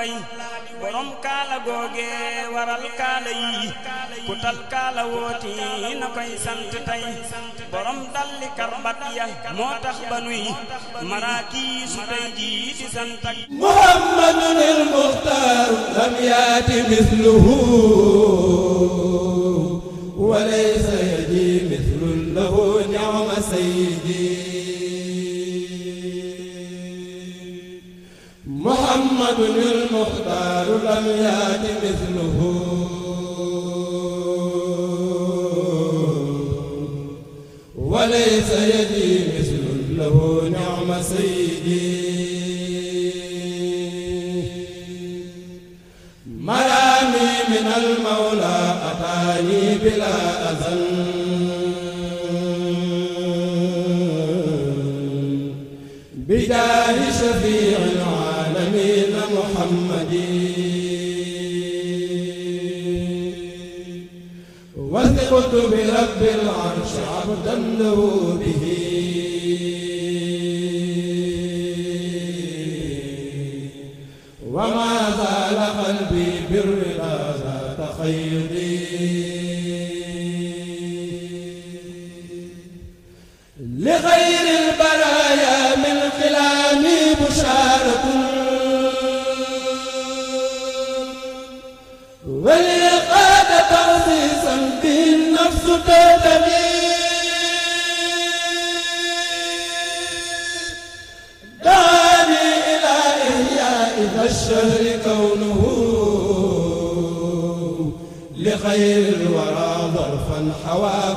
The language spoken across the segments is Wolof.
way borom kaala googe waral kaala yi kutal kaala wooti na koy sant tey borom dalli karbat ya moo tax ba nuy maraaki su tey jii di sant ak muhammadun il muxtaar lam yaati misluhu wa laysa yaji mislun lahu عبد المختار لم يات مثله وليس يدي مثل له نعم سيدي مرامي من المولى أتاني بلا أذن بجاه شفيع العالمين جميل محمد وثقت برب العرش عبدا له به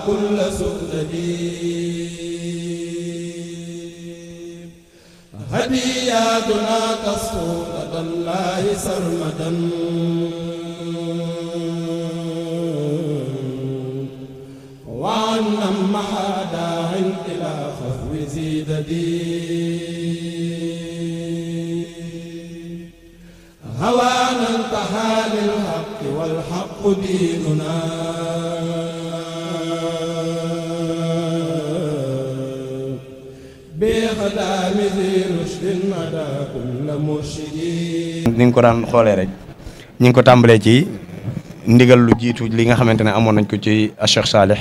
كل سؤلي هدياتنا تصفو لدى الله سرمدا وعنا مع داع إلى خفو زيددي هوانا انتهى للحق والحق ديننا ni nga ko daan xoolee rek ñu ngi ko tàmbalee ci ndigal lu jiitu li nga xamante ne amoon nañ ko ci Cheikh Salih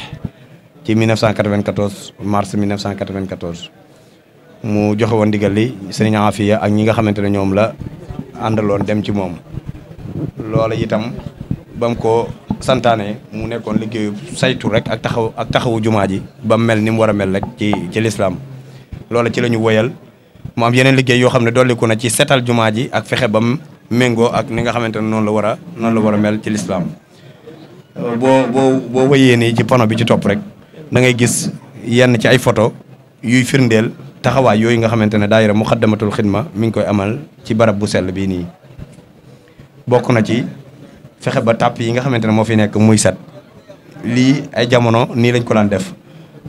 ci 1994 mars 1994 mu joxe ndigal li sëriñ Afia ak ñi nga xamante ne ñoom la àndaloon dem ci moom loola itam ba ko santaane mu nekkoon liggéeyu saytu rek ak taxaw ak taxawu jumaa ji ba mu mel ni mu war a mel rek ci ci lislaam loole ci la ñu woyal mu am yeneen liggéey yoo xam ne dolliku na ci setal jumaa ji ak fexe ba mu méngoo ak ni nga xamante ne noonu la war a noonu la war a mel ci lislaam boo boo boo nii ci pano bi ci topp rek da ngay gis yenn ci ay photo yuy firndeel taxawaay yooyu nga xamante ne daayira muxaddamatul xidma mi ngi koy amal ci barab bu sell bii nii bokk na ci fexe ba tàpp yi nga xamante ne moo fi nekk muy set lii ay jamono nii lañ ko daan def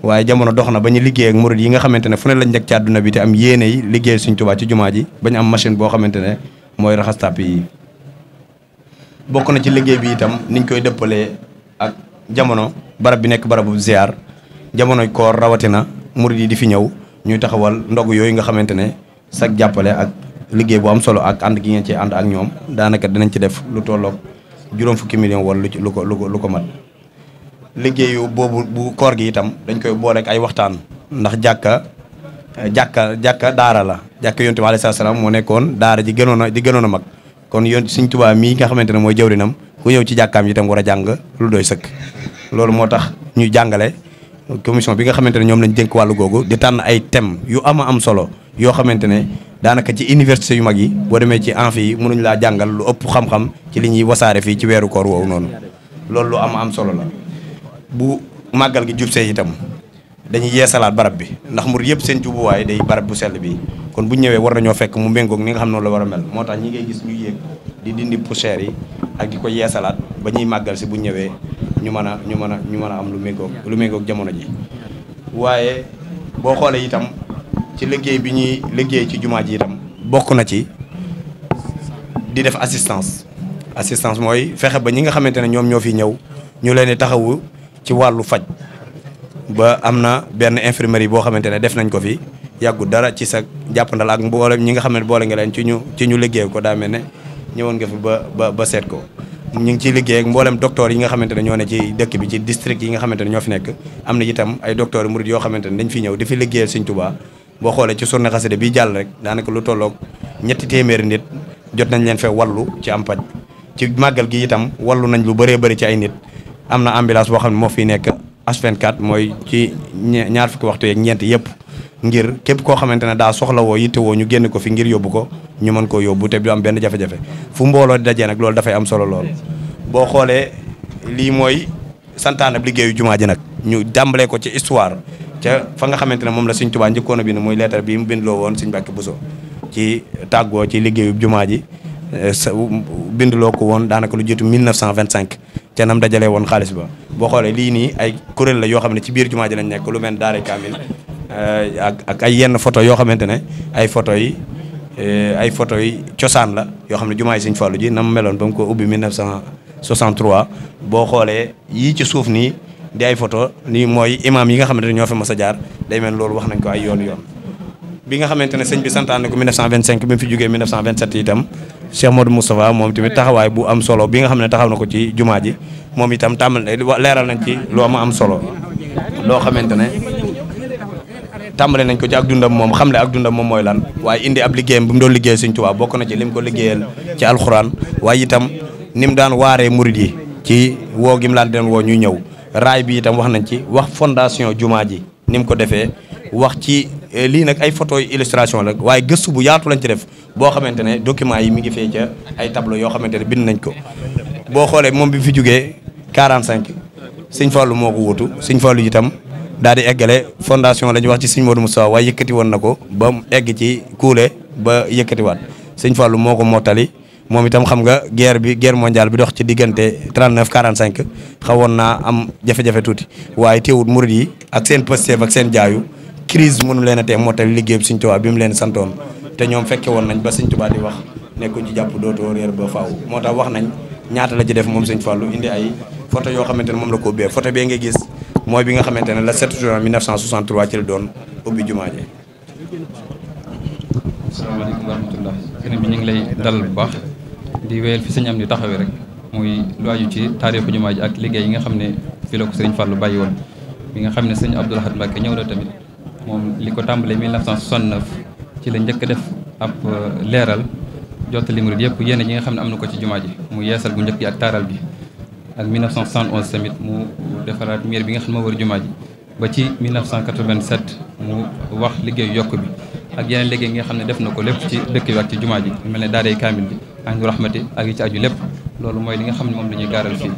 waaye jamono dox na ba ñu liggéey ak murid yi nga xamante ne fu ne lañ nekk ci àdduna bi te am yéene yi liggéey suñ tubaa ci jumaa ji bañ am machine boo xamante ne mooy raxas tàpp yi bokk na ci liggéey bi itam niñ koy dëppalee ak jamono barab bi nekk barabu ziar jamonoy koor rawatina murid yi di fi ñëw ñuy taxawal ndog yooyu nga xamante ne sag jàppale ak liggéey bu am solo ak ànd ki ngeen ci ànd ak ñoom daanaka danañ ci def lu tolloog juróom fukki million wala lu ko lu ko lu ko mat liggéeyu boobu bu koor gi itam dañ koy boole ak ay waxtaan ndax jàkka jàkka jàkka daara la jàkka yonte bi alayhi salaam moo nekkoon daara ji gënoon a di gënoon a mag kon yoon Sëriñ Tuubaa mii nga xamante ne mooy jawrinam ku ñëw ci jàkkaam itam war a jàng lu doy sëkk loolu moo tax ñu jàngale commission bi nga xamante ne ñoom lañ dénk wàllu googu di tànn ay thème yu ama am solo yoo xamante ne daanaka ci université yu mag yi boo demee ci anfi yi mënuñ laa jàngal lu ëpp xam ci li ñuy wasaare fii ci weeru koor woowu noonu loolu lu ama am solo la bu màggal gi jub see itam dañuy yeesalaat barab bi ndax mur yëpp seen jubuwaay day barab bu sell bi kon bu ñëwee war nañoo fekk mu méngoog ni nga xam noonu la war a mel moo tax ñi ngay gis ñu yéeg di dindi poussière yi ak di ko yeesalaat ba ñuy màggal si bu ñëwee ñu mën a ñu mën a ñu mën a am lu méngoog lu méngoog jamono ji waaye boo xoolee itam ci liggéey bi ñuy liggéey ci jumaa ji itam bokk na ci di def assistance assistance mooy fexe ba ñi nga xamante ne ñoom ñoo fi ñëw ci wàllu faj ba am na benn infirmerie boo xamante ne def nañ ko fi yàggu dara ci sa jàppandal ak mboole ñi nga xam ne boole nga leen ci ñu ci ñu liggéey ko daa mel ne ñëwoon nga fi ba ba ba seet ko ñu ngi ciy liggéey ak mboolem docteur yi nga xamante ne ñoo ne ci dëkk bi ci district yi nga xamante ne ñoo fi nekk am na itam ay docteur murid yoo xamante ne dañ fi ñëw di fi liggéeyal Sëñ Tuubaa boo xoolee ci journée xasida bi jàll rek daanaka lu tolloog ñetti téeméeri nit jot nañ leen fee wallu ci am paj ci màggal gi itam wallu nañ lu bëree bëri ci ay nit am na ambulance boo xam ne moo fi nekk H24 mooy ci ñaar fukki waxtu yeeg ñeent yëpp ngir képp koo xamante ne daa soxla soxlawoo yittewoo ñu génn ko fi ngir yóbbu ko ñu mën koo yóbbu te du am benn jafe-jafe fu mbooloo di dajee nag loolu dafay am solo lool. boo xoolee lii mooy santaane liggéeyu jumaa ji nag ñu dàmbalee ko ci histoire ca fa nga xamante ne moom la Sëñ Tuubaa njëkkoon a bind muy leetar bi mu bindloo woon Sëñ Mbàkke Buso ci tàggoo ci liggéeyu jumaa ji eh, bindloo ko woon daanaka lu jiitu 1925. ca nam dajale woon xaalis ba boo xoolee lii nii ay kuréel la yoo xam ne ci biir jumaa ji lañ nekk lu mel daara kaamil eh, ak ak ay yenn foto yoo xamante ne ay photo yi eh, ay photo yi cosaan la yoo xam ne jumaa yi Sëñ Fallu ji na mu meloon ba mu ko ubbi 1963 boo xoolee yi ci suuf nii di ay photo nii mooy imaam yi nga xamante ne ñoo fi mas a jaar day mel loolu wax nañ ko ay yoon yoon bi nga xamante ne sëñ bi santaane ko 1925 bi mu fi jógee 1927 itam Cheikh Modou Moustapha moom tamit taxawaay bu am solo bi nga xam ne taxaw na ko ci jumaa ji moom itam tàmbal leeral nañ ci lu am am solo loo xamante ne tàmbale nañ ko ci ak dundam moom xam ne ak dundam moom mooy lan waaye indi ab liggéeyam bi mu doon liggéey Sëñ Tuubaa bokk na ci lim ko liggéeyal ci alxuraan waaye itam ni mu daan waaree murid yi ci woo gim laan den woo ñuy ñëw raay bi itam wax nañ ci wax fondation jumaa ji nim ko defee wax ci Eh, lii nag ay photo illustration la waaye gëstu bu yaatu lañ ci def boo xamante ne document yi mi ngi fee ca ay tableau yoo xamante ne bind nañ ko boo xoolee moom bi fi jógee 45 sëñ Fallou moo ko wutu sëñ Fallou itam daal di eggale fondation la ñuy wax ci sëñ Modou Moussa waaye yëkkati woon na ko ba mu egg ci kuule ba yëkkatiwaat sëñ Fallou moo ko mottali moom itam xam nga guerre bi guerre mondiale bi dox ci diggante 39 45 xawoon naa am jafe-jafe tuuti waaye teewut murid yi ak seen pësteef ak seen jaayu. crise mënu leen a tee moo tax liggéey bi Sëñ Tuubaa bi mu leen santoon te ñoom fekke woon nañ ba Sëñ Tuubaa di wax nekkuñ ci jàpp dootoo réer ba faaw moo tax wax nañ ñaata la ci def moom Sëñ Fallou indi ay photo yoo xamante ne moom la ko ubbee photo bee nga gis mooy bi nga xamante ne la 7 juin 1963 ci la doon ubbi jumaa ji. asalaamaaleykum wa rahmatulah. bi ñu ngi lay dalal bu baax di wéyal fi am di taxawee rek muy lu ci taarixu jumaa ak liggéey yi nga xam ne fi la ko sëñ Fallou bàyyi woon bi nga xam ne sëñ Abdoul Ahad Mbacké ñëw la tamit. moom li ko tàmbalee 1969 ci la njëkk def ab euh, leeral jottali murid yëpp yéen ñi nga xam ne am na ko ci jumaa ji mu yeesal bu njëkk yi ak taaral bi ak 1971 tamit mu defaraat miir bi nga xam ne war wër jumaa ji ba ci 1987 mu wax liggéeyu yokk bi ak yeneen liggéey nga xam ne def na ko lépp ci dëkk bi ak ci jumaa ji mel ne daaray kaamil bi ak ñu raxmati ak ci aju lépp loolu mooy li nga xam ne moom la ñuy gaaral fii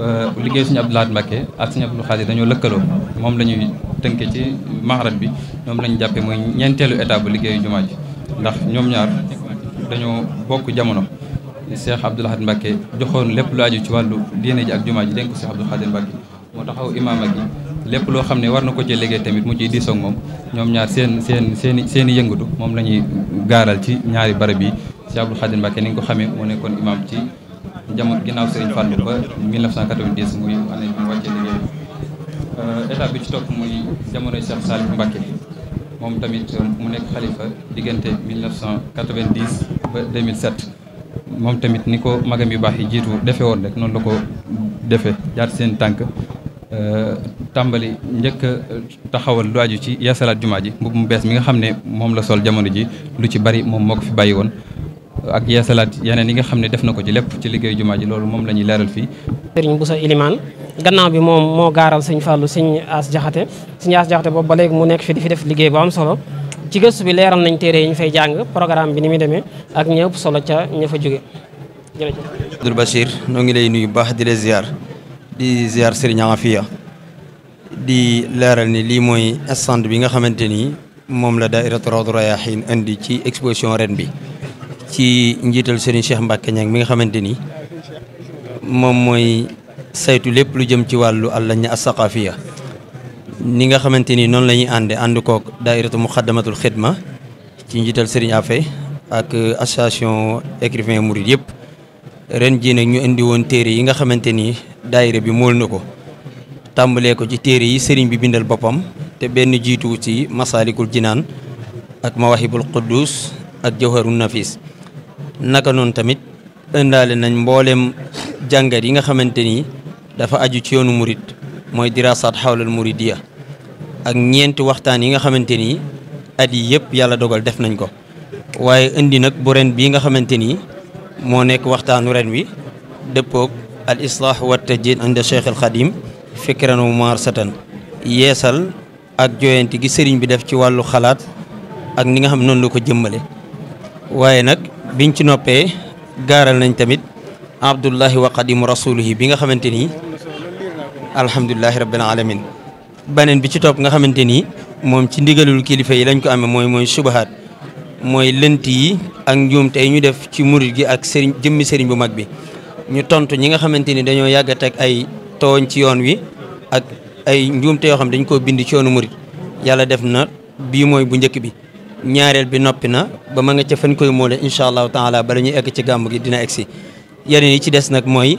euh, liggéey suñu Abdou Lahad Mbacké ak suñu Abdou Khadir dañoo lëkkaloo moom la ñuy tënke ci maxarat bi ñoom la jàppee mooy ñeenteelu état bu liggéeyu jumaa ji ndax ñoom ñaar dañoo bokk jamono Cheikh Abdou Lahad Mbacké joxoon lépp lu aju ci wàllu diine ji ak jumaa ji dénk ko Cheikh Abdou Khadir Mbacké moo taxaw imaama gi lépp loo xam ne war na ko ci liggéey tamit mu ciy diisoo ak moom ñoom ñaar seen seen seen seen i yëngatu moom la ñuy gaaral ci ñaari barab yi Cheikh Abdou Khadir Mbacké ni nga ko xamee moo nekkoon imaam ci jamono ginnaaw Serigne Fallou ba 1990 muy année bi mu wàccee liggéey état bi ci topp muy jamono Cheikh Salif Mbacké moom tamit mu nekk xalifa diggante 1990 ba 2007 moom tamit ni ko magam yu baax yi jiitu defe woon rek noonu la ko defe jaar seen tànk euh, tàmbali njëkk taxawal lu aju ci yasalaat jumaa ji mbubb mu bees mi nga xam ne moom la sol jamono ji lu ci bari moom moo ko fi bàyyi woon ak yeesalaat yeneen yi nga xam ne def na ko ci lépp ci liggéey jumaa ji loolu moom la ñuy leeral fii sëriñ Boussa Ilimane gannaaw bi moom moo gaaral sëñ Fallou sëñ As Jaxate sëñ As Jaxate boobu ba léegi mu nekk fi di fi def liggéey bu am solo ci gëstu bi leeral nañ téere yi ñu fay jàng programme bi ni muy demee ak ña ëpp solo ca ña fa jóge jërëjëf Abdoul ngi lay nuyu baax di la ziar di ziar sëriñ Afia di leeral ni lii mooy stand bi nga xamante ni moom la daayiratu Rawdu Rayaahiin indi ci exposition ren bi ci njiital Serigne Cheikh Mbacke mi nga xamante ni moom mooy saytu lépp lu jëm ci wàllu àlla ña asaqafiya ni nga xamante ni noonu la ñuy ànde ànd kook daairatu muxaddamatul xidma ci njiital Serigne Afe ak association écrivain mouride yëpp ren jii ñu indi woon téere yi nga xamante ni daayira bi mool na ko tàmbalee ko ci téere yi sëriñ bi bindal boppam te benn jiitu ci masaalikul jinaan ak mawahibul quddus ak jawharun nafis naka noonu tamit indaale nañ mbooleem jàngat yi nga xamante ni dafa aju ci yoonu murit mooy diraasaat xawlal muridiya ak ñeenti waxtaan yi nga xamante ni at yi yëpp yàlla dogal def nañ ko waaye indi nag bu ren bii nga xamante ni moo nekk waxtaanu ren wi dëppoog al islaax wa tajdiid inda cheikh al xadim fikran yeesal ak joyante gi sëriñ bi def ci wàllu xalaat ak ni nga xam noonu la ko jëmmale waaye nag biñ ci noppee gaaral nañ tamit abdullahi wa qadimu rasulihi bi nga xamante ni alhamdulilahi rabbil alamin baneen bi ci topp nga xamante ni moom ci ndigalul kilifa yi lañ ko amee mooy mooy subahaat mooy lënt yi ak njuumte tey ñu def ci murit gi ak sëriñ jëmm sëriñ bu mag bi ñu tontu ñi nga xamante ni dañoo yàgg a teg ay tooñ ci yoon wi ak ay njuumte yoo xam dañ koo bind ci yoonu murit yàlla def na bii mooy bu njëkk bi ñaareel bi noppi na ba ma nga ca fan koy moole incha allahu taala bala ñuy egg ci gàmm gi dina egg si yeneen yi ci des nag mooy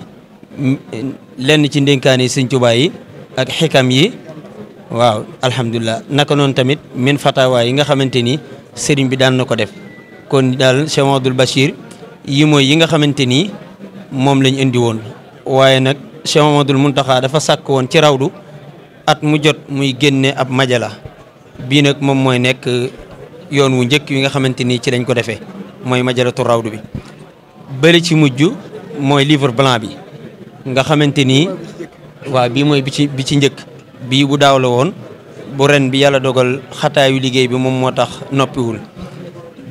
lenn ci ndénkaan yi sëñ yi ak xikam yi waaw alhamdulilah naka noonu tamit min fatawa yi nga xamante ni sëriñ bi daan na ko def kon daal Cheikh Mahamadul Bachir yi mooy yi nga xamante ni moom lañ indi woon waaye nag Cheikh Mahamadul Muntaxa dafa sàkk woon ci rawdu at mu jot muy génne ab majala bii nag moom mooy nekk yoon wu njëkk yi nga xamante ni ci dañ ko defee mooy majalatu rawdu bi bële ci mujj mooy livre blanc bi nga xamante ni waaw bii mooy bi ci bi ci njëkk bii bu daaw woon bu ren bi yàlla dogal xataayu liggéey bi moom moo tax noppiwul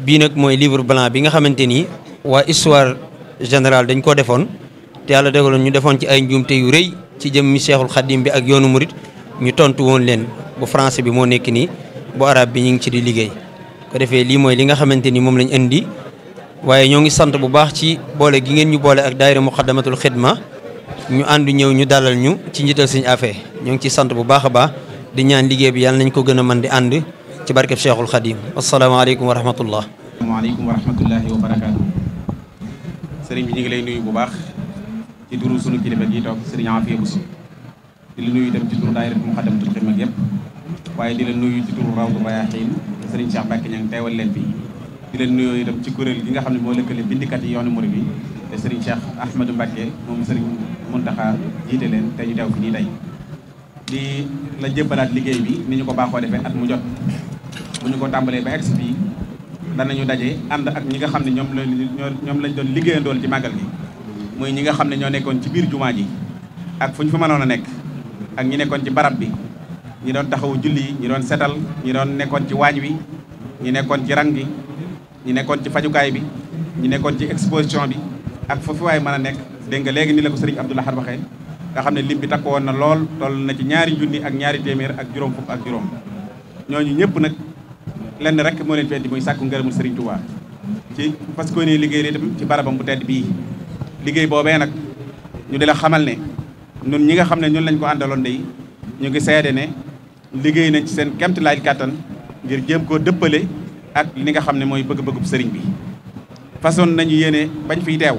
bii nag mooy livre blanc bi nga xamante ni waa histoire générale dañ ko defoon te yàlla dogaloon ñu defoon ci ay njuumte yu rëy ci jëmmi Seexul Xaddim bi ak yoonu murit ñu tontu woon leen bu français bi moo nekk nii bu arab bi ñu ngi ci di liggéey ko defee lii mooy li nga xamante ni moom lañu indi waaye ñoo ngi sant bu baax ci boole gi ngeen ñu boole ak daayira muqaddamatul xidma ñu àndu ñëw ñu dalal ñu ci njiital sëñ Afe ñoo ngi ci sant bu baax a baax di ñaan liggéey bi yàlla nañ ko gën a mën di ànd ci barkeb Cheikhul Khadim asalaamaaleykum wa rahmatullah asalaamaaleykum wa rahmatullahi wa barakaatu sëriñ bi ñu ngi lay nuyu bu baax ci turu sunu kilifa gi toog sëriñ Afe Bousso di la nuyu itam ci turu daayira muqaddamatul xidma yëpp waaye di la nuyu ci Serigne Cheikh Mbacke ña ngi teewal leen fi di leen nuyoo itam ci kuréel gi nga xam ne moo lëkkale bindikat yi yoonu murid bi te Serigne Cheikh Ahmadou Mbacke moom Serigne Mountakha jiite leen te ñu teew fi nii tey di la jëbbalaat liggéey bi ni ñu ko baaxoo defee at mu jot bu ñu ko tàmbalee ba bi fii danañu daje and ak ñi nga xam ne ñoom la ñoom lañ doon liggéeyandool ci màggal gi muy ñi nga xam ne ñoo nekkoon ci biir jumaa ji ak fu ñu fa mënoon a nekk ak ñi nekkoon ci barab bi ñi doon taxawu julli yi ñi doon setal ñi doon nekkoon ci waañ wi ñi nekkoon ci rang bi ñi nekkoon ci fajukaay bi ñi nekkoon ci exposition bi ak foofu mën a nekk dégg nga léegi ni la ko sëriñ Abdou Lahad waxee nga xam ne lim bi takk woon na lool toll na ci ñaari junni ak ñaari téeméer ak juróom fukk ak juróom ñooñu ñëpp nag lenn rek moo leen feddi muy sàkku ngërëmul sëriñ Touba ci parce que ne liggéey itam ci barabam bu tedd bii liggéey boobee nag ñu di xamal ne ñun ñi nga xam ne ñun lañ ko àndaloon day ñu ngi seede ne liggéey nañ ci seen kemtilaay kàttan ngir jéem koo dëppale ak li nga xam ne mooy bëgg-bëggub sëriñ bi façon nañu yéene bañ fiy teew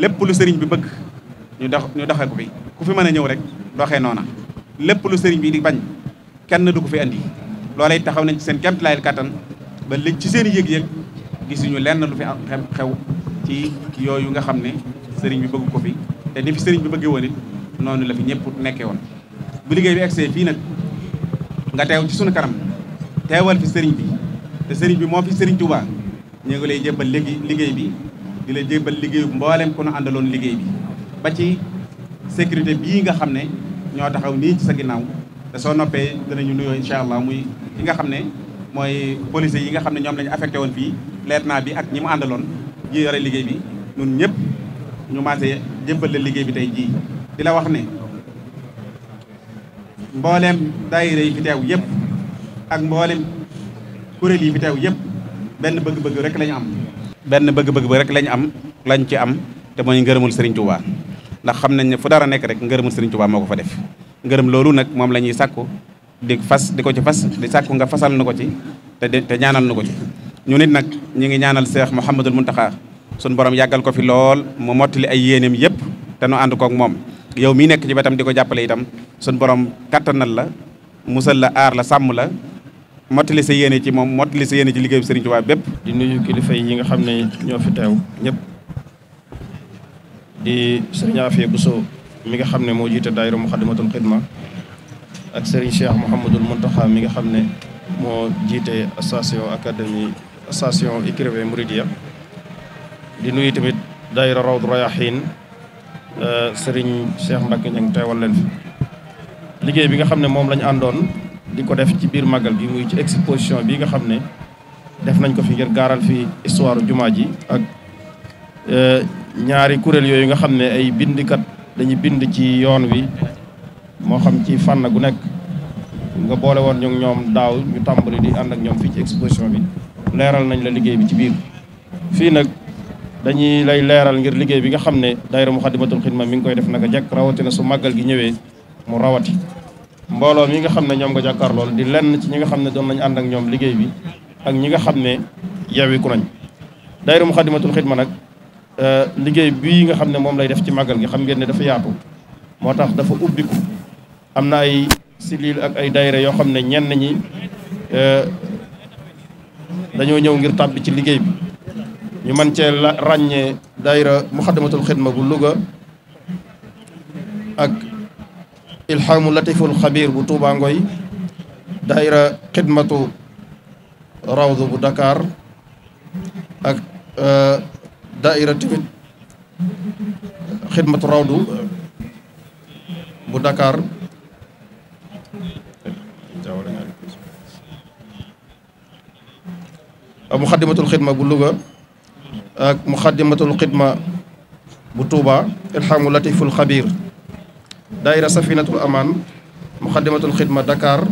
lépp lu sëriñ bi bëgg ñu dox ñu doxee ko fi ku fi mën a ñëw rek doxee noona lépp lu sëriñ bi di bañ kenn du ko fi andi loolay taxaw nañ ci seen kemtilaay kàttan ba liñ ci seen yëg-yëg gisuñu lenn lu fi xew ci yooyu nga xam ne sëriñ bi bëggu ko fi te ni fi sëriñ bi bëggee noonu la fi ñëpp nekkee woon bu liggéey bi nag nga teew ci sunu kanam teewal fi sëriñ bi te sëriñ bi moo fi sëriñ Touba ñu ngi lay jébbal liggéey liggéey bi di la jébbal liggéeyu mboolem ku nu àndaloon liggéey bi ba ci sécurité bii nga xam ne ñoo taxaw nii ci sa ginnaaw te soo noppee danañu nuyoo incha allah muy ki nga xam ne mooy police yi nga xam ne ñoom lañu affecté woon fii leer naa bi ak ñi mu àndaloon ñi yore liggéey bi ñun ñëpp ñu maase jébbal la liggéey bi tey jii di wax ne mboolem daayira yi fi teew yëpp ak mboolem kuréel yi fi teew yëpp benn bëgg-bëgg rek lañu am. benn bëgg-bëgg rek lañu am lañ ci am te mooy ngërëmul sëriñ Touba ndax xam nañ ne fu dara nekk rek ngërëmul Serigne Touba moo ko fa def ngërëm loolu nag moom la ñuy sàkku di fas di ko ci fas di sàkku nga fasal na ko ci te te ñaanal na ko ci. ñu nit nag ñu ngi ñaanal Seex mun Mountakha sunu borom yàggal ko fi lool mu mottali ay yéeneem yëpp te nu ànd kook moom. yow mii nekk ci wetam di ko jàppale itam suñ borom kattanal la musal la aar la sàmm la mottali sa yéene ci moom mottali sa yéene ci liggéeyu Serigne Touba bépp. di nuyu kilifa yi nga xam ne ñoo fi teew ñëpp di Serigne Afia Bousso mi nga xam ne moo jiite daayira Muxaddamatul Xidma ak Serigne Cheikh Mouhamadul Mountakha mi nga xam ne moo jiite association académie association écrivain Mouridia di nuyu tamit daayira Rawdu Rayahin Euh, sëriñ Cheikh Mbacke Niang teewal leen fi liggéey bi nga xam ne moom lañu àndoon di ko def ci biir màggal gi muy ci exposition bi nga xam ne def nañ ko fi ngir gaaral fi histoire jumaa ji ak euh, ñaari kuréel yooyu nga xam ne ay bindikat dañuy bind ci yoon wi moo xam ci fànn gu nekk nga boole woon ñu ñoom daaw ñu tàmbali di ànd ak ñoom fii ci exposition bi leeral nañ la liggéey bi ci biir fii nag dañuy lay leeral ngir liggéey bi nga xam ne daayira Muxaddamatul Xidma mi ngi koy def a jekk rawatina su màggal gi ñëwee mu rawati mbooloo mi nga xam ne ñoom nga jàkkaar lool di lenn ci ñi nga xam ne doon nañ ànd ak ñoom liggéey bi ak ñi nga xam ne yewiku nañ daayira Muxaddamatul Xidma nag euh, liggéey bii nga xam ne moom lay def ci màggal nga xam ngeen ne dafa yaatu moo tax dafa ubbiku am na ay silil ak ay dayre yoo xam ne ñenn ñi euh, dañoo ñëw ngir tàbbi ci liggéey bi ñu man cee ràññee daayira muxaddamatul xidma bu Louga ak ilhaamu latiful xabir bu Touba Ngoy daayira xidmatu rawdu bu dakaar ak euh, daayira tamit xidmatu rawdu bu Dakar muxaddamatul xidma bu Louga ak muxaddamatul xidma bu Touba irhamu latiful xabir daayira safinatul amaan muxaddamatul xidma Dakar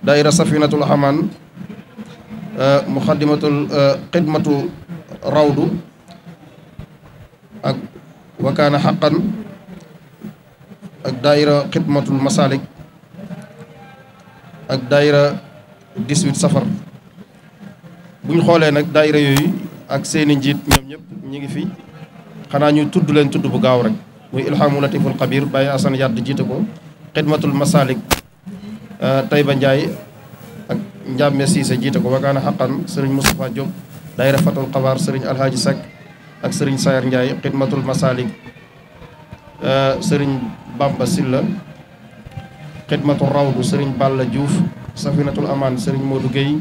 daayira safinatul amaan eh, muxaddamatul eh, xidmatu rawdu ak wakaana xaqan ak daayira xidmatul masalik ak daayira 18 safar bu xoolee nag daayira yooyu ak seeni njiit ñoom ñëpp ñu ngi fi xanaa ñu tudd leen tudd bu gaaw rek muy ilhamu latiful xabir Baye Assane Yadd jiite ko xidmatul masalik euh, Tayba Ndiaye ak Ndiame Cissé jiite ko wakaana xaqan sëriñ Moustapha Diop daayira fatul xabaar sëriñ Alhaji Seck ak sëriñ Sayar Ndiaye xidmatul masalik euh, sëriñ Bamba Silla xidmatu rawdu sëriñ Balla Diouf safinatul amaan sëriñ Modou Guèye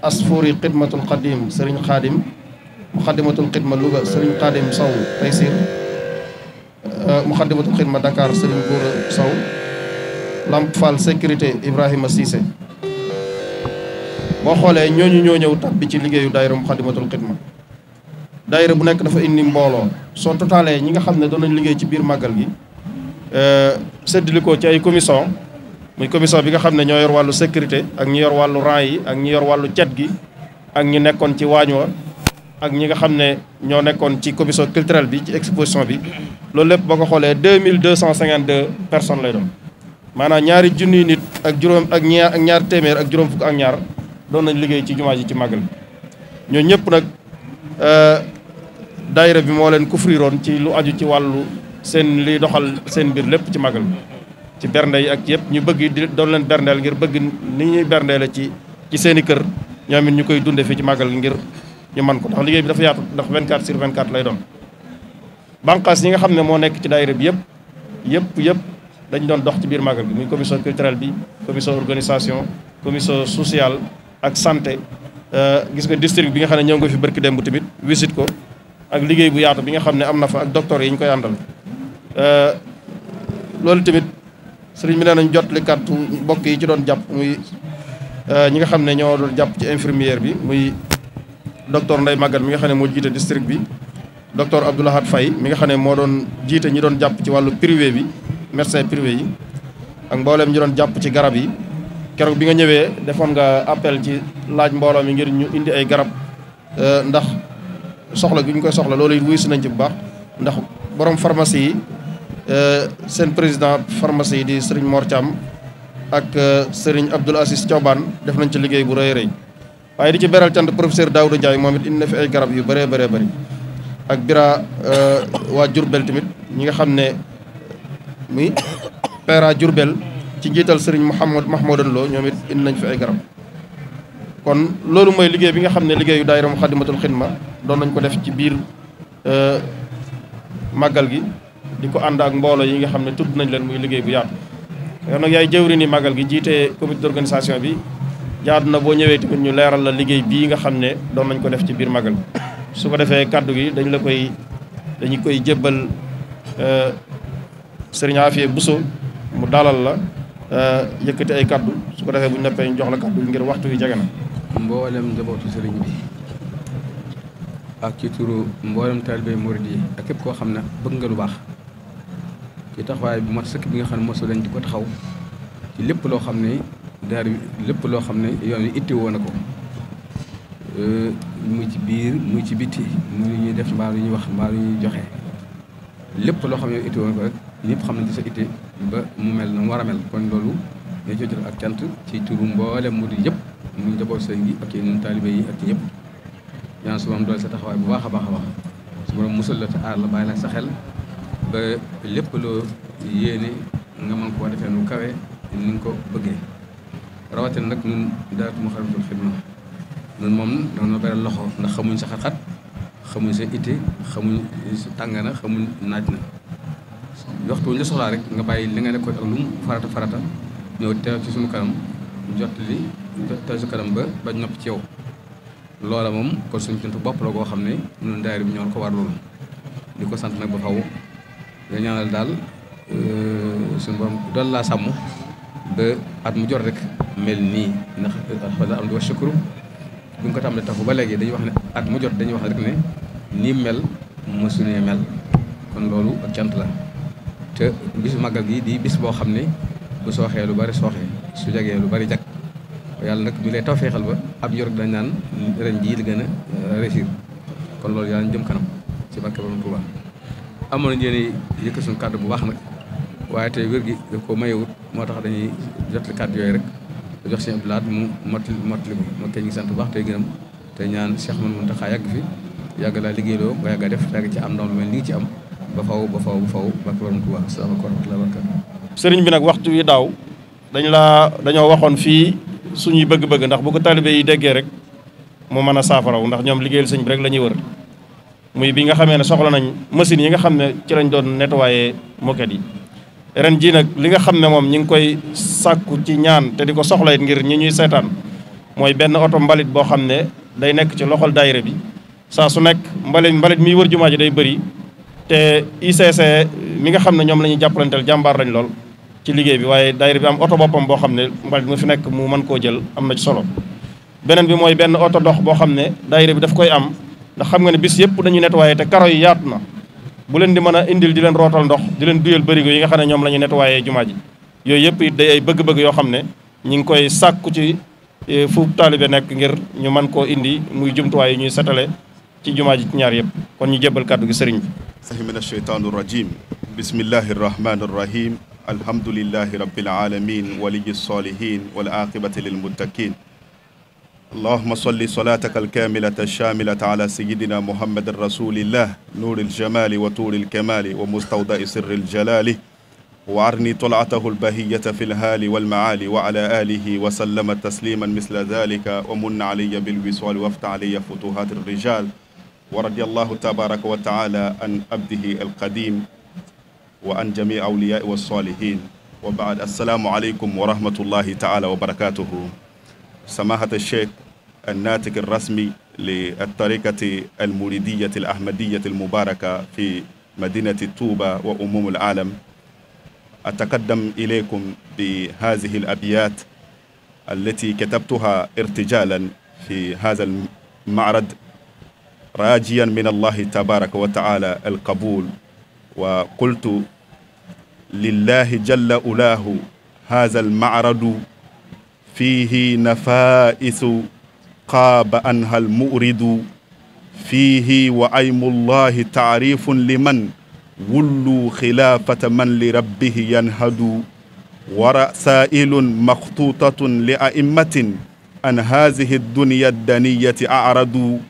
asfori xidmatul xadim sëriñ xaadim muxadimatul xidma Louga sëriñ xaadim Sow Taysir euh, muxadimatul xidma Dakar sëriñ Góora Sow Lamp Fall sécurité Ibrahima Cissé boo xoolee ñooñu ñoo ñëw tàbbi ci liggéeyu daayira muxadimatul xidma daayira bu nekk dafa indi mbooloo soo totaalee ñi nga xam ne doon nañ liggéey ci biir màggal gi Euh, séddale ko ci ay commission muy commission bi nga xam ne ñoo yor wàllu sécurité ak ñi yor wàllu rang yi ak ñi yor wàllu cet gi ak ñi nekkoon ci waañ wa ak ñi nga xam ne ñoo nekkoon ci commission culturelle bi ci exposition bi loolu lépp boo ko xoolee deux mille deux cent cinquante deux personnes lay doon maanaam ñaari junniy nit ak juróom ak ñaar ñaar téeméer ak juróom fukk ak ñaar doon nañ liggéey ci jumaa ji ci màgg màggal ñoo ñëpp nag euh, daayira bi moo leen couvriroon ci lu aju ci wàllu seen li doxal seen mbir lépp ci magal ci bernde yi ak yëpp ñu bëgg di doon leen berndeel ngir bëgg ni ñuy berndeele ci ci seen i kër ñoom it ñu koy dunde fii ci magal ngir ñu man ko ndax liggéey bi dafa yaatu ndax 24 sur 24 lay doon banqaas yi nga xam ne moo nekk ci daayira bi yëpp yëpp yëpp dañ doon dox ci biir magal bi muy commission culturelle bi commission organisation commission social ak santé euh, gis nga district bi nga xam ne ñoo ngi fi barki démb tamit visite ko ak liggéey bu yaatu bi nga xam ne am na fa ak docteur yi ñu koy àndal Euh, loolu tamit sëriñ bi nee nañ jot li mbokk yi ci doon jàpp muy euh, ñi nga xam ne ñoo doon jàpp ci infirmière bi muy docteur Ndeye Maguette mi nga xam ne moo jiite district bi docteur Abdoulahat fay mi nga xam ne moo doon jiite ñi doon jàpp ci wàllu privé bi médecin privé yi ak mbooleem ñi doon jàpp ci garab yi keroog bi nga ñëwee defoon nga appel ci laaj mbooloo mi ngir ñu indi ay garab euh, ndax soxla gi ñu koy soxla loolu it wuy si nañ ci bu baax ndax Euh, seen président pharmacie yi di Serigne Mor Thiam ak euh, sëriñ Abdoul Aziz Thioban def nañ ci liggéey bu rëy rëy waaye di ci beral cant professeur Daouda jaay moom it indi na fi ay garab yu bëree bëree bëri ak bira euh, waa Diourbel tamit ñi nga xam ne muy pera Diourbel ci njiital sëriñ Serigne Mouhamad Mahmoudan loo ñoom it indi nañ fi ay garab kon loolu mooy liggéey bi nga xam ne liggéeyu daayira Moukhaddamatoul Khidma doon nañ ko def ci biir màggal gi di ko ànd ak mbooloo yi nga xam ne tudd nañ leen muy liggéey bu yaatu yow nag yaay jëwri ni magal gi jiite comité d'organisation bi jaadu na boo ñëwee tamit ñu leeral la liggéey bii nga xam ne doon nañ ko def ci biir magal su ko defee kàddu gi dañu la koy dañu koy jébbal euh, sëriñ Afia Bousso mu dalal la euh, yëkkati ay kàddu su ko defee bu ñu noppee ñu jox la kàddu ngir waxtu wi jege na. mboolem njabootu sëriñ bi ak ci turu mboolem taalibe murid yi képp koo xam ne bëgg nga lu baax. ci taxawaay bu mat sëkk bi nga xam ne mosu lañ di ko taxaw ci lépp loo xam ne daar lépp loo xam ne yoon wi itti woo na ko euh, muy ci biir muy ci bitti muy ñuy def mbaa lu ñuy wax mbaa lu ñuy joxe lépp loo xam ne itti woon na ko rek ñëpp xam nañ ci sa itte ba mu mel na mu war a mel kon loolu ñoo ci ak cant ci turu mu murid yëpp mu njaboot sëñ gi ak ci ñun taalibe yi ak ci ñëpp ñaan su ma doole sa taxawaay bu baax a baax a baax su borom musal la te aar la bàyyi la sa xel ba lépp loo yéene nga mën koo defee nu kawe ni ko bëggee rawatina nag ñun darat Moukhaddamatoul Khidma ñun moom dana beral loxo ndax xamuñ sa xat-xat xamuñ sa itte xamuñ sa tàng na xamuñ naaj na waxtu wu ñu la soxlaa rek nga bàyyi li nga nekkoon ak lu mu farata farata ñëw teew ci suñu kanam jot li teew ci kanam ba ba nopp ci yow loola moom kon suñ tuntu bopp la koo xam ne ñun daayira bi ñoo ko war loolu di ko sant nag bu faw nga ñaanal daal euh, suñu borom dool laa sàmm ba at mu jot rek mel nii ndax alhamdulilah am di wa shukru bu ñu ko tàmbalee tafu ba léegi dañuy wax ne at mu jot dañuy wax rek ne nii mel mësunee mel kon loolu ak cant la te bisu màggal gi di bis boo xam ne bu sooxee lu bari sooxee su jegee lu bari jag yàlla nag mi lay tawfeexal ba ab yor dañ naan ren jii li gën a réussir kon loolu yàlla ñu jëm kanam ci barke Borom Tuubaa amoon a yéen a yëkkat suñu kàddu bu baax nag waaye tey wér gi daf ko mayewut moo tax dañuy jotli kàddu yooyu rek da jox seen abdoulaad mu mottali mottali ko ma koy ñu sant bu baax tey gërëm te ñaan Cheikh man mun yàgg fi yàgg laa liggéeyloo nga yàgga def yàgg ci am ndam lu mel nii ci am ba faw ba faw ba faw barke borom Tuubaa salaamaaleykum wa rahmatullaahi wa barakaatuh sëriñ bi nag waxtu wi daaw dañu laa dañoo waxoon fii suñuy bëgg-bëgg ndax bu ko taalibe yi déggee rek mu mën a wu ndax ñoom liggéeyal sëñ bi rek la ñuy wër muy bi nga xamee ne soxla nañ machines yi nga xam ne ci lañ doon nettoyer moquette yi ren jii nag li nga xam ne moom ñi ngi koy sàkku ci ñaan te di ko soxla it ngir ñi ñuy seetaan mooy benn oto mbalit boo xam ne day nekk ci loxol daayira bi saa su nekk mbalit mbalit miy wër jumaa ji day bëri te ICC mi nga xam ne ñoom la ñuy jàppalanteel jàmbaar lañ lool ci liggéey bi waaye daayira bi am oto boppam boo xam ne mbalit mu fi nekk mu mën koo jël am na ci solo beneen bi mooy benn oto dox boo xam ne daayira bi daf koy am ndax xam nga ne bis yëpp dañu nettoyé te karo yi yaatu na bu leen di mën a indil di leen rootal ndox di leen duyal bërigo yi nga xam ne ñoom la ñu nettoyé jumaa ji yooyu yëpp it day ay bëgg-bëgg yoo xam ne ñu ngi koy sàkku ci e, fu taalibe nekk ngir ñu mën koo indi muy jumtuwaay yi ñuy setale ci jumaa ji ci ñaar yëpp kon ñu jébbal kàddu gi sëriñ bi sahi min asheytaan irrajim bismillahi arrahmani irrahim alhamdulilahi rabbil alamin waliyi salihin wal aqibati lil muttaqin allahuma solli solaataka alkaamilata alchaamilata ala sayidina muhammadin rasulillah nuuri aljamali wa tuuri alkamali wa mustawdai sirri aljalali wa arni tolaatahu albahiyata fi lhaali walmaali wa ala alihi wa sallama tasliman misla dalika wa munna alaya bilwisal wafta alaya futuhat alrijal wa radi allahu tabaraka wa taala an abdihi alqadim wa an jami awliyai walsalihin wa baad assalaamu aleykum wa rahmatullahi taala wa barakatuhu سماحة الشيخ الناطق الرسمي للطريقة المريدية الأحمدية المباركة في مدينة طوبى وأمم العالم أتقدم إليكم بهذه الأبيات التي كتبتها ارتجالا في هذا المعرض راجيا من الله تبارك وتعالى القبول وقلت لله جل أولاه هذا المعرض fiihi nafaisu qaaba anha almuridu fiihi wa aymullahi taarifun liman wullu xilaafata man li rabbihi yanhadu wa rasailun maxtuutatun li aimmatin an haadihi dunya daniyati aradu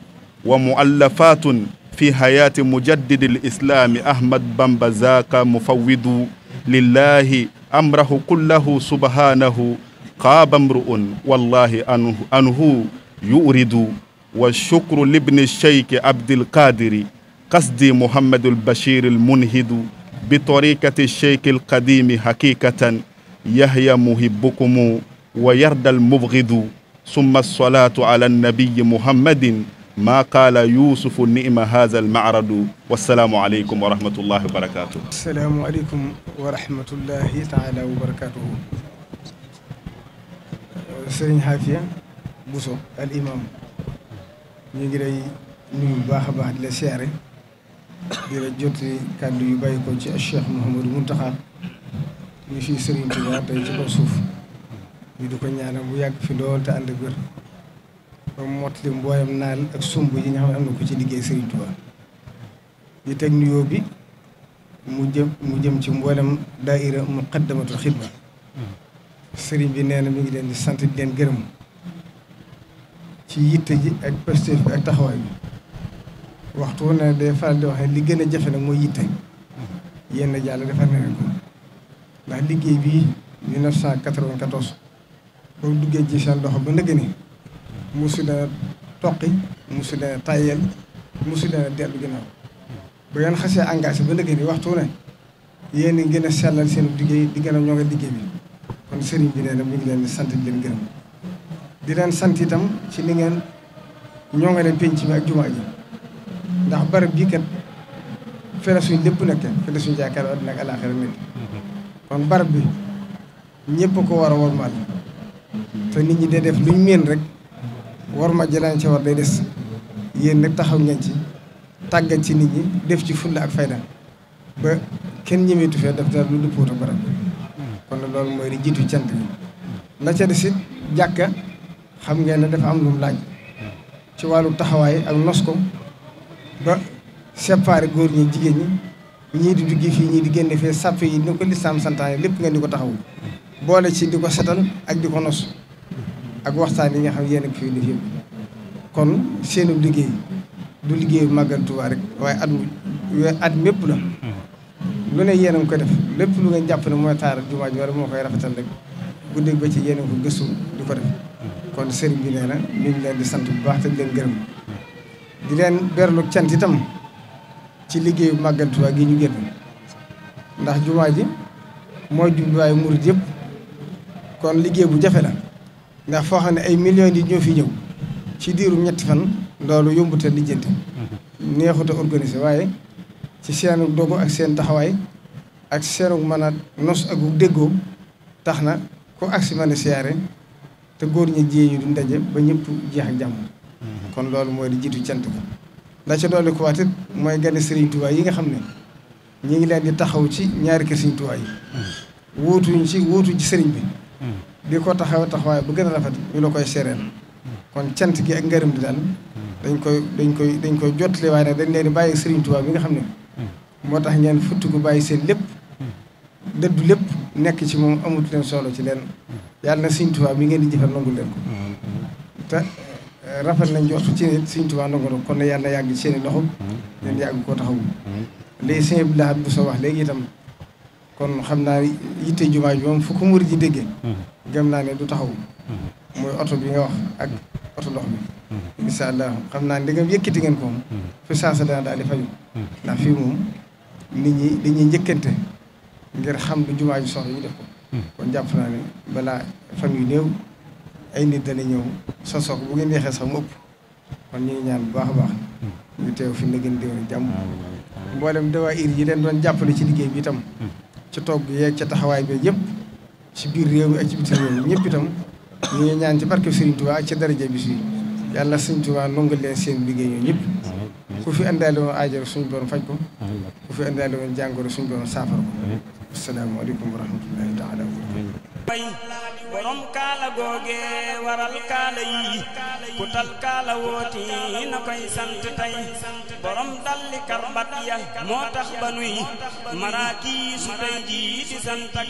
wa muallafatun fi hayaati mujaddidi lislaami ahmad bamba zaaka mufawwidu lillahi amrahu kullahu subhanahu xaaba mruun wallahi anhu anhu yuridu wa shukru libni cheikh abdilqadiri qasdi muhammadul bashir almunhidu bi tariqati cheikh alqadimi haqiqatan yahya muhibbukumu wa yarda almubgidu summa alsolatu ala annabiyi muhammadin maa qaala yuusufu nima haza almaradu wassalaamu aleykum wa rahmatullahi wa barakatuh asalaamu aleykum wa rahmatullahi taala wa barakatuhu sëriñ Xaafiya Buso al imam ñu ngi lay nuyu bu baax a baax di la siyaare di la kàddu yu bàyyi ko ci Cheikh Mouhamadou Mountakha ñu fii sëriñ Tuubaa tey ci kaw suuf ñu di ko ñaanal bu yàgg fi lool te ànd ak wér ba mottali mbooyam naal ak sumb yi nga xam ne am na ko ci liggéey sëriñ Tuubaa di teg nuyoo bi mu jëm mu jëm ci mboolem daaira muqaddamatul xidma sëriñ bi nee na mi ngi leen di sant di leen gërëm ci yitte ji ak positif bi ak taxawaay bi waxtu wu ne day faral di waxee li gën a jafe nag mooy yitte yenn jàll defar na ko ndax liggéey bi 1994 ba mu duggee ci seen doxo ba nëgg ni si dana toqi musu dana tayel si dana dellu ginnaaw bu ngeen xasee engagé ba nëgg ni waxtu ne yéen gën a sellal seen liggéey di gën a ñoŋal liggéey bi sëriñ bi nee na mi ngi leen di sant leen gërëm di leen sant itam ci li ngeen ñoo nga leen penc mi ak jumaa ji ndax barab bii kat fële suñ lépp nekke fële suñ jaakaar àddina ak alaaxira nekk kon barab bi ñëpp ko war a wormaal te nit ñi day def luñ meen rek worma jëlaan ci war day des yéen nag taxaw ngeen ci tàggat ci nit ñi def ci fulla ak fayda ba kenn ñemeetu fee def dara lu dëppoo barab kon loolu mooy di jiitu cant yi la ca des it jàkka xam ngeen ne dafa am lu laaj ci wàllu taxawaay ak nos ko ba séparé góor ñi jigéen ñi ñii di dugg fii ñii di génn fee sàpp yi ni ko lislaam santaane lépp ngeen di ko taxawu boole ci di ko setal ak di ko nos ak waxtaan yi nga xam yéen ak fii def yëpp kon seenu liggéey du liggéeyu màggal rek waaye at at mépp la lu ne yéen a ngi ko def lépp lu ngeen jàpp ne mooy taar jumaa ji wala moo koy rafetal rek guddeeg ba ci yéen a ko gëstu di ko def kon sëriñ bi nee na ñu ngi leen di sant bu baax te di leen gërëm di leen berlu cant itam ci liggéeyu màggal Tuubaa gi ñu génn ndax jumaa ji mooy jubluwaayu murit yëpp kon liggéey bu jafe la ndax foo xam ne ay millions yi ñëw fi ñëw ci diiru ñetti fan loolu yombut a lijjanti mm-hmm. neexut a waaye ci seenu dogu ak seen taxawaay ak seenu mën a nos ak déggoo tax na ku agsi man a siyaare te góor ñi jiyee ñu duñ daje ba ñëpp jeex ak jàmm mhm. kon loolu mooy di jiitu cant ko ndax ca doole ko waat mooy gane Serigne Touba yi nga xam ne ñu ngi leen di taxaw ci ñaari kër Serigne Touba yi mhm. wóotuñ ci wóotuñ ci sëriñ bi mhm. di ko taxaw taxawaay bu gën a rafet ñu la koy seereel kon cant gi ak ngërëm di daal dañ koy dañ koy dañ koy jottali waaye nag dañ leen di bàyyi Serigne bi nga xam ne moo tax ngeen futtiku bàyyi seen lépp dëddu lépp nekk ci moom amut leen solo ci leen yàlla na Sëriñ Tuubaa bi ngeen di jëfal nangu leen ko te eh, rafet nañ jox ci Sëriñ Tuubaa nangu la kon yàlla na yàgg ci seen i loxo leen yàgg koo taxawu léegi sëñ bi laxat bu sa wax léegi tam kon xam naa yitte jumaa ji moom ko murid ji déggee gëm naa ne du taxaw mooy oto bi nga wax ak oto ndox bi incha allah xam naa ndigam yëkkati ngeen ko moom fi saasa daal nit ñi dañuy njëkkante ngir xam lu jumaa ji soxla ñu def ko. Hmm. kon jàpp naa ne balaa fan yu néew ay nit dana ñëw sa soog bu ngeen neexee sax mu ëpp kon ñu ñaan bu baax a baax. Hmm. ñu teew fi na gën déwén jàmm. mboolem dawaa ir yi dañ doon jàppale ci liggéey bi itam. Hmm. ci togg yeeg ca taxawaay bi yëpp ci biir réew mi ak ci bitim réew mi itam ñu ngi ñaan ci barke Serigne Touba ak ci daraja bi si yàlla Serigne Touba nangu leen seen liggéey ñoo ñëpp. ku fi indaale woon aajara suñu borom faj ko ku fi indaale woon jàngoro suñu borom saafara ko asalaamaaleykum wa rahmatullahi taala bay borom kaala waral kaala yi ku kaala wooti na koy sant tey borom dalli karbat ya moo tax ba nuy maraaki su sant